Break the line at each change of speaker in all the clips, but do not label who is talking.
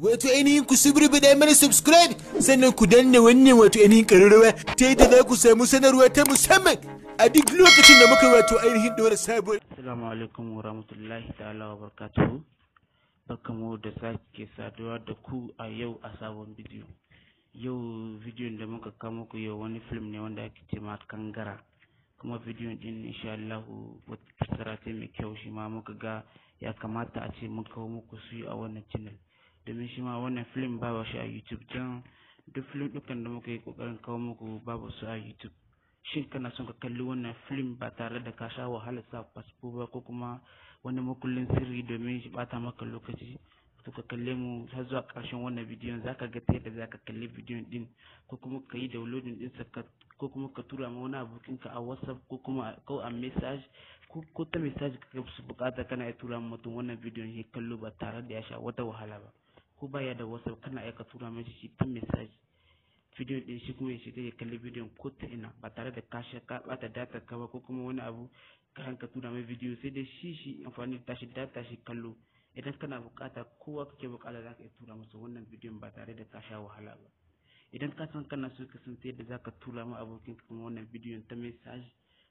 wato ainihin ku subribi mana subscribe sannan ku danna wannan wato ainihin ƙararrawa ta yadda za ku samu sanarwa ta musamman a duk lokacin da muka wato ainihin ɗora sabuwar. Assalamu alaikum wa rahmatullahi ta'ala wa barakatuhu. bakamu da sake saduwa da ku a yau a sabon bidiyo. Yau bidiyon da muka kama ku yau wani film ne wanda ake ce ma kangara. Kuma bidiyon din insha Allah wata ce mai kyau shi ma muka ga ya kamata a ce mun kawo muku su a wannan channel. domin shi ma wannan film babu shi a youtube don duk film dukkan da muka yi kokarin kawo muku babu su a youtube shin kana son ka kalli wannan film ba tare da ka sha wahala sa fasfo ba ko kuma wani makullin sirri domin shi bata maka lokaci to ka kalle mu har zuwa karshen wannan bidiyon za ka ga ta yadda za ka kalli bidiyon din ko kuma ka yi downloading din sa ko kuma ka tura ma wani abokin ka a whatsapp ko kuma ko a message ko ko ta message ka su bukata kana ya tura mutum wannan bidiyon ya kallo ba tare da ya sha wata wahala ba ko baya da whatsapp kana aika tura mai shi ta message bidiyon din shi kuma ya shiga ya kalli bidiyon ko ta ina ba tare da kashe ka bata data ka ba ko kuma wani abu ka hanka tura mai bidiyo sai dai shi shi amfani da tashi data shi kallo idan kana bukata kowa kake bukata ka iya tura masa wannan bidiyon ba tare da ka wahala ba idan ka san kana so ka san sai da zaka tura ma abokin ka kuma wannan bidiyon ta message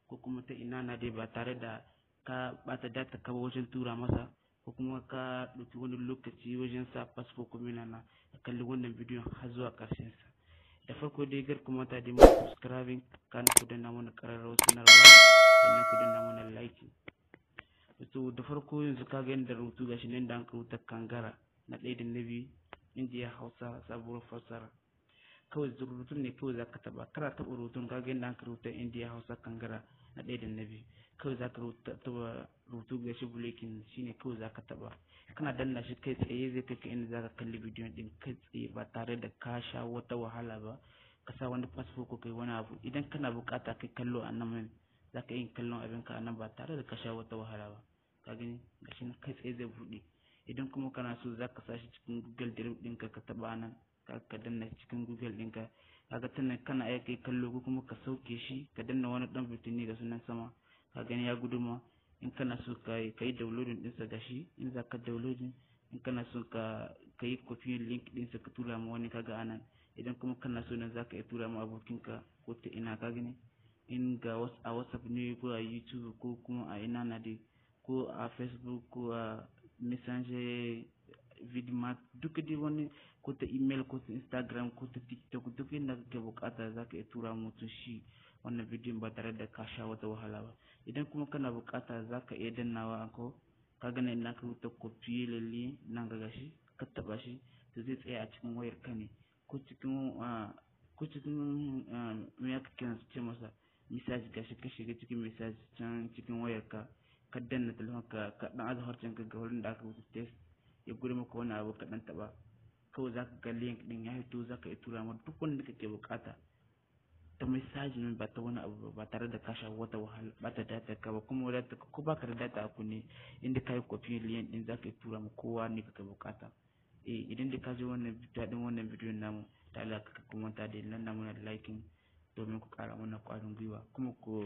ko kuma ta ina na dai ba tare da ka bata data ka ba wajen tura masa ko kuma ka ɗauki wani lokaci wajen sa fasfo ko na ka kalli wannan bidiyon har zuwa ƙarshen sa da farko dai gar kuma ta dima subscribing kan ku na mana ƙararrawar sanarwa sannan ku na mana like to da farko yanzu ka ga yadda rubutu gashi nan da an rubuta kangara na ɗaya da na biyu indiya hausa sabuwar fassara kawai rubutun ne kawai zaka taba kana taba rubutun ga inda an rubuta indiya hausa kangara na ɗaya da na biyu kawai zaka taba rubutu ga shi bulekin shine kawai zaka taba kana danna shi kai tsaye zai kai ka inda zaka kalli bidiyon din kai tsaye ba tare da ka sha wata wahala ba ka sa wani fasfo ko kai wani abu idan kana bukata kai kallo a nan zaka yi kallon abin ka a nan ba tare da ka sha wata wahala ba ka gani shi kai tsaye zai buɗe idan kuma kana so zaka sa shi cikin google drive ɗinka ka taba nan ka danna cikin google ɗinka kaga tana kana iya kai kallo ko kuma ka sauke shi ka danna wani ɗan fitini ga sunan sama ka gani ya guduma in kana so ka yi downloading ɗinsa gashi in za ka downloading in kana so ka yi copying link ɗinsa ka tura ma wani kaga anan idan kuma kana so nan za ka iya tura ma abokinka ko ta ina ka gani in ga a whatsapp ne ko a youtube ko kuma a ina na dai ko a facebook ko a messenger vidimat duka di wani ko ta email ko ta instagram ko ta tiktok duk inda kake bukata za ka tura mutum shi wannan bidiyon ba tare da ka sha wata wahala ba idan e kuma kana bukata za ka iya dannawa ko ka gane na ka wuta kofi lalle nan ga gashi ka taba shi to zai tsaya a cikin wayar ka ne ko cikin ko cikin me aka kira ce masa misaj gashi ka shiga cikin message can cikin wayar ka ka danna telefon ka ka dan azharcin ka ga wurin da aka wuta test ya guri maka wani abu kaɗan taɓa kawai za ka ga link ɗin ya fito za ka iya tura ma duk wanda kake buƙata ta misajin ba ta wani abu ba tare da ka shafi wata wahala ba ta data ka ba kuma wadata ka ko baka da data ku ne inda ka yi kofi link ɗin za ka iya tura ma kowa ne kake buƙata eh idan da ka ji wannan daɗin wannan bidiyon namu ta ala ka kuma ta da nan namu na liking domin ku kara mana ƙwarin gwiwa kuma ku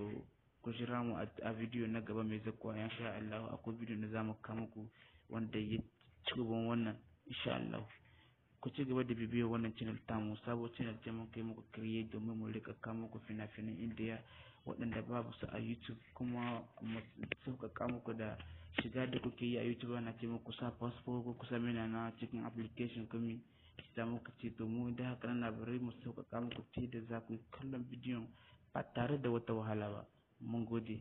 ku jira mu a bidiyo na gaba mai zakwa ya sha Allah akwai bidiyo na zamu kama ku wanda ya ci gaban wannan insha Allah ku ci gaba da bibiyar wannan channel tamu sabo channel ce muka yi muku kiriye domin mu rika kawo muku fina-finan indiya waɗanda babu su a youtube kuma su sauƙaƙa muku da shiga da kuke yi a youtube ana ce muku sa passport ko kusa mina na cikin application kuma za muku ce domin da haka na labarai mu sauƙaƙa muku ce da za ku kallon bidiyon ba tare da wata wahala ba mun gode